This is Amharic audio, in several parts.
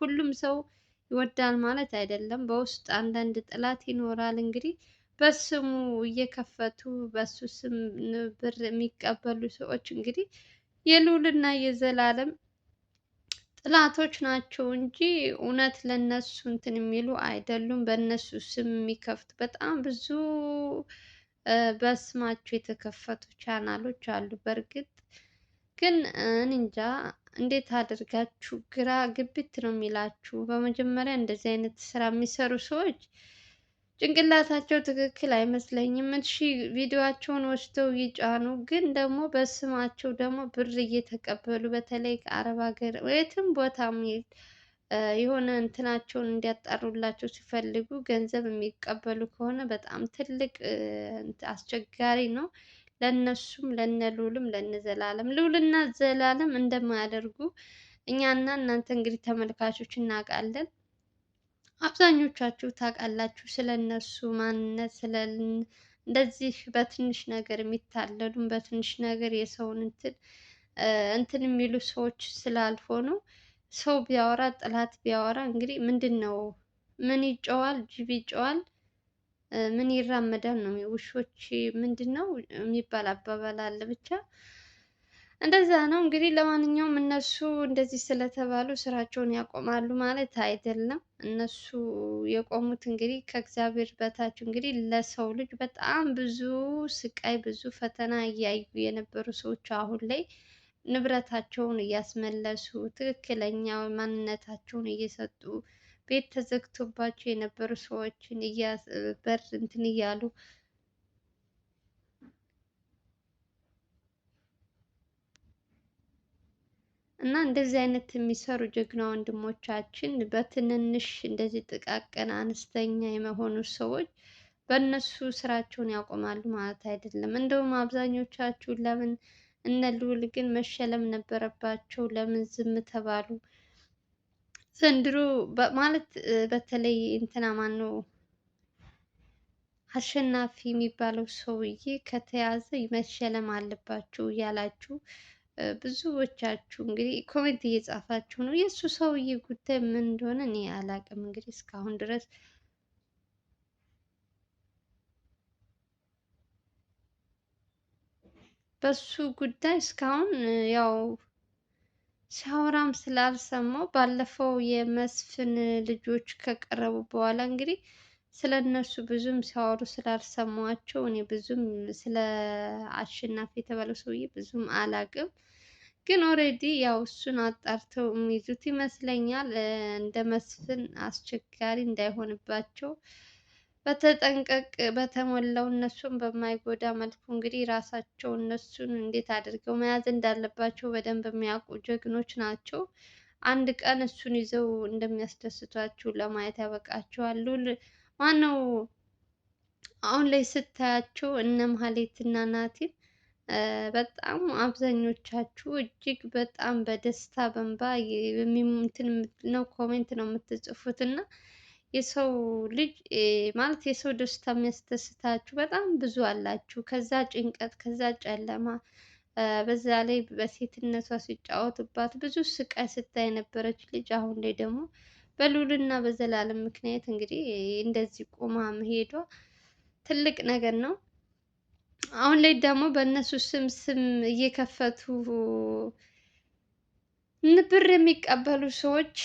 ሁሉም ሰው ይወዳል ማለት አይደለም። በውስጥ አንዳንድ ጠላት ይኖራል። እንግዲህ በስሙ እየከፈቱ በሱ ስም ብር የሚቀበሉ ሰዎች እንግዲህ የልዑልና የዘላለም ጥላቶች ናቸው እንጂ እውነት ለነሱ እንትን የሚሉ አይደሉም። በእነሱ ስም የሚከፍቱ በጣም ብዙ በስማቸው የተከፈቱ ቻናሎች አሉ። በእርግጥ ግን እንጃ እንዴት አድርጋችሁ ግራ ግብት ነው የሚላችሁ። በመጀመሪያ እንደዚህ አይነት ስራ የሚሰሩ ሰዎች ጭንቅላታቸው ትክክል አይመስለኝም። እሺ ቪዲዮቸውን ወስደው ይጫኑ፣ ግን ደግሞ በስማቸው ደግሞ ብር እየተቀበሉ በተለይ ከአረብ ሀገር የትም ቦታ የሆነ እንትናቸውን እንዲያጣሩላቸው ሲፈልጉ ገንዘብ የሚቀበሉ ከሆነ በጣም ትልቅ አስቸጋሪ ነው። ለነሱም ለነ ልዑልም ለነ ዘላለም ልዑልና ዘላለም እንደማያደርጉ እኛና እናንተ እንግዲህ ተመልካቾች እናውቃለን። አብዛኞቻችሁ ታውቃላችሁ ስለ እነሱ ማንነት፣ ስለ እንደዚህ በትንሽ ነገር የሚታለሉም በትንሽ ነገር የሰውን እንትን እንትን የሚሉ ሰዎች ስላልሆኑ ሰው ቢያወራ ጠላት ቢያወራ እንግዲህ ምንድን ነው ምን ይጨዋል ጅብ ይጨዋል ምን ይራመዳል ነው ውሾች ምንድን ነው የሚባል አባባል አለ ብቻ እንደዛ ነው እንግዲህ። ለማንኛውም እነሱ እንደዚህ ስለተባሉ ስራቸውን ያቆማሉ ማለት አይደለም። እነሱ የቆሙት እንግዲህ ከእግዚአብሔር በታች እንግዲህ ለሰው ልጅ በጣም ብዙ ስቃይ፣ ብዙ ፈተና እያዩ የነበሩ ሰዎች አሁን ላይ ንብረታቸውን እያስመለሱ ትክክለኛ ማንነታቸውን እየሰጡ ቤት ተዘግቶባቸው የነበሩ ሰዎችን በር እንትን እያሉ እና እንደዚህ አይነት የሚሰሩ ጀግና ወንድሞቻችን በትንንሽ እንደዚህ ጥቃቅን አነስተኛ የመሆኑ ሰዎች በእነሱ ስራቸውን ያቆማሉ ማለት አይደለም። እንደውም አብዛኞቻችሁ ለምን እነ ግን መሸለም ነበረባቸው? ለምን ዝም ተባሉ? ዘንድሮ ማለት በተለይ እንትና ማን ነው አሸናፊ የሚባለው ሰውዬ ከተያዘ መሸለም አለባችሁ እያላችሁ ብዙዎቻችሁ እንግዲህ ኮሜንት እየጻፋችሁ ነው። የእሱ ሰውዬ ጉዳይ ምን እንደሆነ እኔ አላቅም። እንግዲህ እስካሁን ድረስ በሱ ጉዳይ እስካሁን ያው ሲያወራም ስላልሰማው ባለፈው የመስፍን ልጆች ከቀረቡ በኋላ እንግዲህ ስለ እነሱ ብዙም ሲያወሩ ስላልሰማቸው እኔ ብዙም ስለ አሸናፊ የተባለው ሰውዬ ብዙም አላቅም። ግን ኦልሬዲ ያው እሱን አጣርተው የሚይዙት ይመስለኛል። እንደ መስፍን አስቸጋሪ እንዳይሆንባቸው በተጠንቀቅ በተሞላው እነሱን በማይጎዳ መልኩ እንግዲህ ራሳቸው እነሱን እንዴት አድርገው መያዝ እንዳለባቸው በደንብ የሚያውቁ ጀግኖች ናቸው። አንድ ቀን እሱን ይዘው እንደሚያስደስቷችሁ ለማየት ያበቃችኋል። ሉል ማነው አሁን ላይ ስታያቸው እነ ማህሌትና ናቲን በጣም አብዛኞቻችሁ እጅግ በጣም በደስታ በንባ የሚሙትን ነው ኮሜንት ነው የምትጽፉት እና የሰው ልጅ ማለት የሰው ደስታ የሚያስደስታችሁ በጣም ብዙ አላችሁ። ከዛ ጭንቀት፣ ከዛ ጨለማ፣ በዛ ላይ በሴትነቷ ሲጫወቱባት ብዙ ስቃይ ስታይ የነበረች ልጅ አሁን ላይ ደግሞ በሉልና በዘላለም ምክንያት እንግዲህ እንደዚህ ቁማ መሄዷ ትልቅ ነገር ነው። አሁን ላይ ደግሞ በእነሱ ስም ስም እየከፈቱ ብር የሚቀበሉ ሰዎች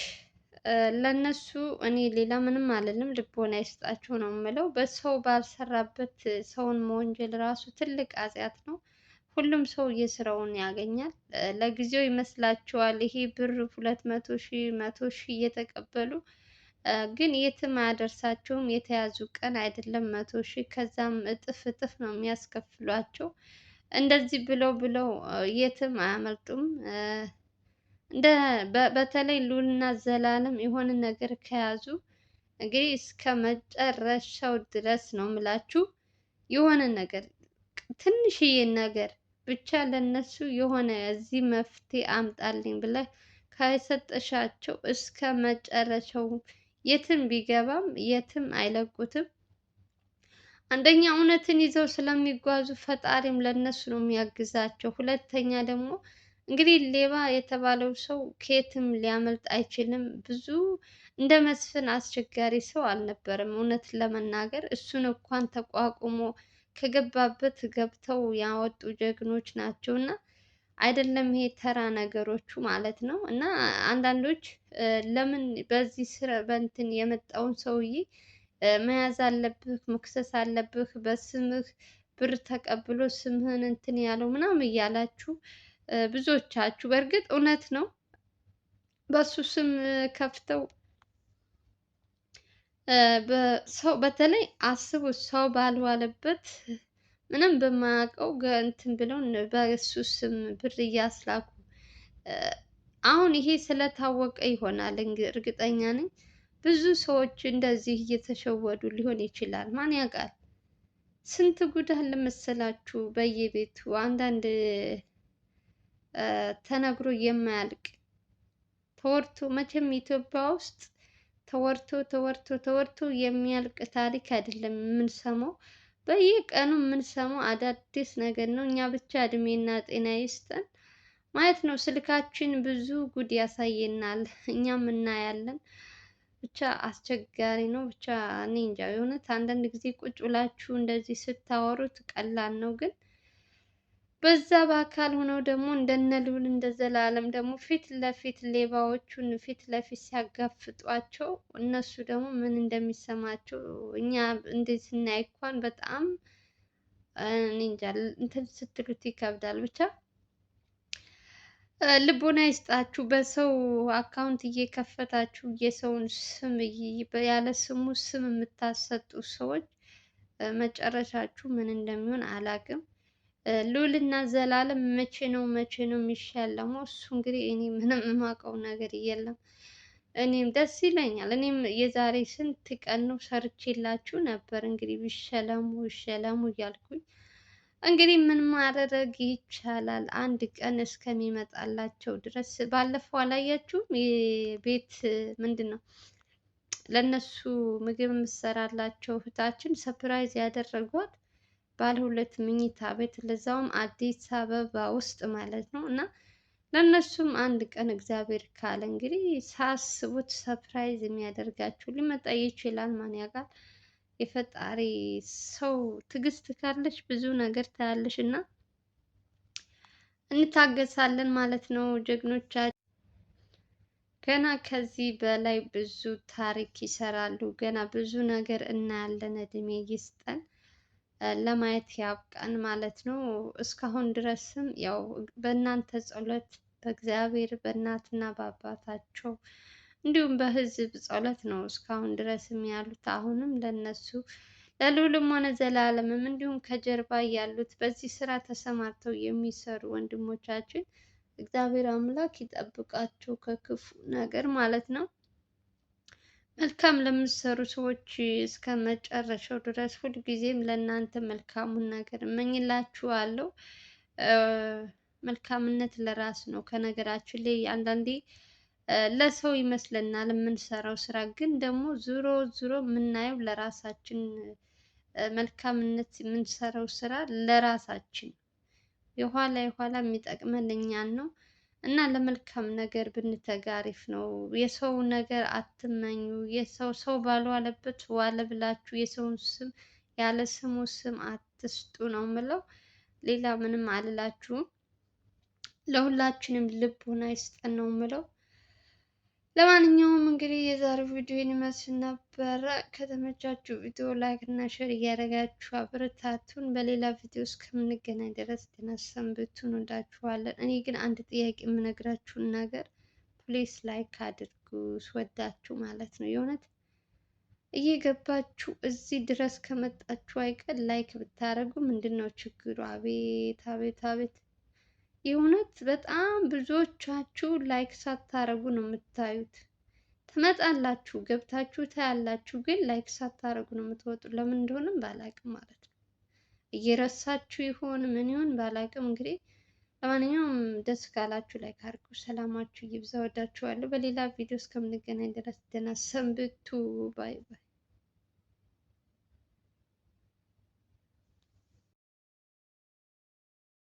ለነሱ እኔ ሌላ ምንም አልልም። ልቦና አይስጣቸው ነው የምለው። በሰው ባልሰራበት ሰውን መወንጀል ራሱ ትልቅ ኃጢአት ነው። ሁሉም ሰው የስራውን ያገኛል። ለጊዜው ይመስላችኋል ይሄ ብር ሁለት መቶ ሺህ መቶ ሺህ እየተቀበሉ ግን የትም አያደርሳቸውም። የተያዙ ቀን አይደለም መቶ ሺህ ከዛም እጥፍ እጥፍ ነው የሚያስከፍሏቸው። እንደዚህ ብለው ብለው የትም አያመልጡም። እንደ በተለይ ሉልና ዘላለም የሆነ ነገር ከያዙ እንግዲህ እስከ መጨረሻው ድረስ ነው የምላችሁ። የሆነ ነገር ትንሽዬ ነገር ብቻ ለነሱ የሆነ እዚህ መፍትሄ አምጣልኝ ብለህ ከሰጠሻቸው እስከ መጨረሻው የትም ቢገባም የትም አይለቁትም። አንደኛ እውነትን ይዘው ስለሚጓዙ ፈጣሪም ለነሱ ነው የሚያግዛቸው። ሁለተኛ ደግሞ እንግዲህ ሌባ የተባለው ሰው ከየትም ሊያመልጥ አይችልም። ብዙ እንደ መስፍን አስቸጋሪ ሰው አልነበረም። እውነት ለመናገር እሱን እንኳን ተቋቁሞ ከገባበት ገብተው ያወጡ ጀግኖች ናቸው እና አይደለም ይሄ ተራ ነገሮቹ ማለት ነው። እና አንዳንዶች ለምን በዚህ ስራ በእንትን የመጣውን ሰውዬ መያዝ አለብህ፣ መክሰስ አለብህ፣ በስምህ ብር ተቀብሎ ስምህን እንትን ያለው ምናምን እያላችሁ ብዙዎቻችሁ በእርግጥ እውነት ነው በሱ ስም ከፍተው ሰው በተለይ አስቡ ሰው ባልዋለበት ምንም በማያውቀው እንትን ብለው በሱ ስም ብር እያስላኩ አሁን ይሄ ስለታወቀ ይሆናል እርግጠኛ ነኝ። ብዙ ሰዎች እንደዚህ እየተሸወዱ ሊሆን ይችላል። ማን ያውቃል? ስንት ጉዳት ለመሰላችሁ በየቤቱ አንዳንድ ተነግሮ የማያልቅ ተወርቶ መቼም ኢትዮጵያ ውስጥ ተወርቶ ተወርቶ ተወርቶ የሚያልቅ ታሪክ አይደለም የምንሰማው። በየቀኑ የምንሰማው አዳዲስ ነገር ነው። እኛ ብቻ እድሜና ጤና ይስጠን ማለት ነው። ስልካችን ብዙ ጉድ ያሳየናል፣ እኛም እናያለን። ብቻ አስቸጋሪ ነው። ብቻ እኔ እንጃ የእውነት አንዳንድ ጊዜ ቁጭ ብላችሁ እንደዚህ ስታወሩት ቀላል ነው ግን በዛ በአካል ሆነው ደግሞ እንደነ ልዑል እንደ ዘላለም ደግሞ ፊት ለፊት ሌባዎቹን ፊት ለፊት ሲያጋፍጧቸው እነሱ ደግሞ ምን እንደሚሰማቸው እኛ እንዴት ስናይ እንኳን በጣም እንጃ እንትን ስትሉት ይከብዳል ብቻ ልቦና ይስጣችሁ። በሰው አካውንት እየከፈታችሁ የሰውን ስም ያለ ስሙ ስም የምታሰጡ ሰዎች መጨረሻችሁ ምን እንደሚሆን አላቅም። ሉልና ዘላለም መቼ ነው መቼ ነው የሚሸለመው? እሱ እንግዲህ እኔ ምንም የማውቀው ነገር የለም። እኔም ደስ ይለኛል። እኔም የዛሬ ስንት ቀን ነው ሰርቼላችሁ ነበር። እንግዲህ ይሸለሙ ይሸለሙ እያልኩኝ እንግዲህ ምን ማድረግ ይቻላል? አንድ ቀን እስከሚመጣላቸው ድረስ ባለፈው አላያችሁም? የቤት ምንድን ነው ለእነሱ ምግብ የምሰራላቸው እህታችን ሰፕራይዝ ያደረጓት ባለ ሁለት ምኝታ ቤት ለዛውም አዲስ አበባ ውስጥ ማለት ነው። እና ለእነሱም አንድ ቀን እግዚአብሔር ካለ እንግዲህ ሳስቡት ሰፕራይዝ የሚያደርጋችሁ ሊመጣ ይችላል። ማን ያውቃል? የፈጣሪ ሰው ትዕግስት ካለች ብዙ ነገር ታያለሽ እና እንታገሳለን ማለት ነው። ጀግኖቻ ገና ከዚህ በላይ ብዙ ታሪክ ይሰራሉ። ገና ብዙ ነገር እናያለን። እድሜ ይስጠን። ለማየት ያብቃን ማለት ነው። እስካሁን ድረስም ያው በእናንተ ጸሎት፣ በእግዚአብሔር በእናትና በአባታቸው እንዲሁም በሕዝብ ጸሎት ነው እስካሁን ድረስም ያሉት። አሁንም ለነሱ ለልዑልም ሆነ ዘላለምም እንዲሁም ከጀርባ ያሉት በዚህ ስራ ተሰማርተው የሚሰሩ ወንድሞቻችን እግዚአብሔር አምላክ ይጠብቃቸው ከክፉ ነገር ማለት ነው። መልካም ለምትሰሩ ሰዎች እስከ መጨረሻው ድረስ ሁልጊዜም ለእናንተ መልካሙን ነገር እመኝላችኋለሁ። መልካምነት ለራስ ነው። ከነገራችን ላይ አንዳንዴ ለሰው ይመስለናል የምንሰራው ስራ፣ ግን ደግሞ ዙሮ ዙሮ የምናየው ለራሳችን መልካምነት የምንሰራው ስራ ለራሳችን የኋላ የኋላ የሚጠቅመን እኛን ነው። እና ለመልካም ነገር ብንተጋ አሪፍ ነው። የሰው ነገር አትመኙ። የሰው ሰው ባልዋለበት ዋለ ብላችሁ የሰውን ስም ያለ ስሙ ስም አትስጡ ነው ምለው። ሌላ ምንም አልላችሁም። ለሁላችንም ልቦና ይስጠን ነው ምለው። ለማንኛውም እንግዲህ የዛሬው ቪዲዮ ይመስል ነበረ። ከተመቻችሁ ቪዲዮ ላይክ እና ሼር እያደረጋችሁ አበረታቱን። በሌላ ቪዲዮ እስከምንገናኝ ድረስ ደህና ሰንብቱ። እንወዳችኋለን። እኔ ግን አንድ ጥያቄ የምነግራችሁን ነገር ፕሊስ ላይክ አድርጉ፣ ስወዳችሁ ማለት ነው። የእውነት እየገባችሁ እዚህ ድረስ ከመጣችሁ አይቀር ላይክ ብታደርጉ ምንድን ነው ችግሩ? አቤት አቤት አቤት የእውነት በጣም ብዙዎቻችሁ ላይክ ሳታረጉ ነው የምታዩት። ትመጣላችሁ፣ ገብታችሁ ታያላችሁ፣ ግን ላይክ ሳታረጉ ነው የምትወጡ። ለምን እንደሆነም ባላቅም ማለት ነው። እየረሳችሁ ይሆን ምን ይሆን ባላቅም። እንግዲህ ለማንኛውም ደስ ካላችሁ ላይክ አድርጉ። ሰላማችሁ ይብዛ። ወዳችኋለሁ። በሌላ ቪዲዮ እስከምንገናኝ ድረስ ደህና ሰንብቱ። ባይ ባይ።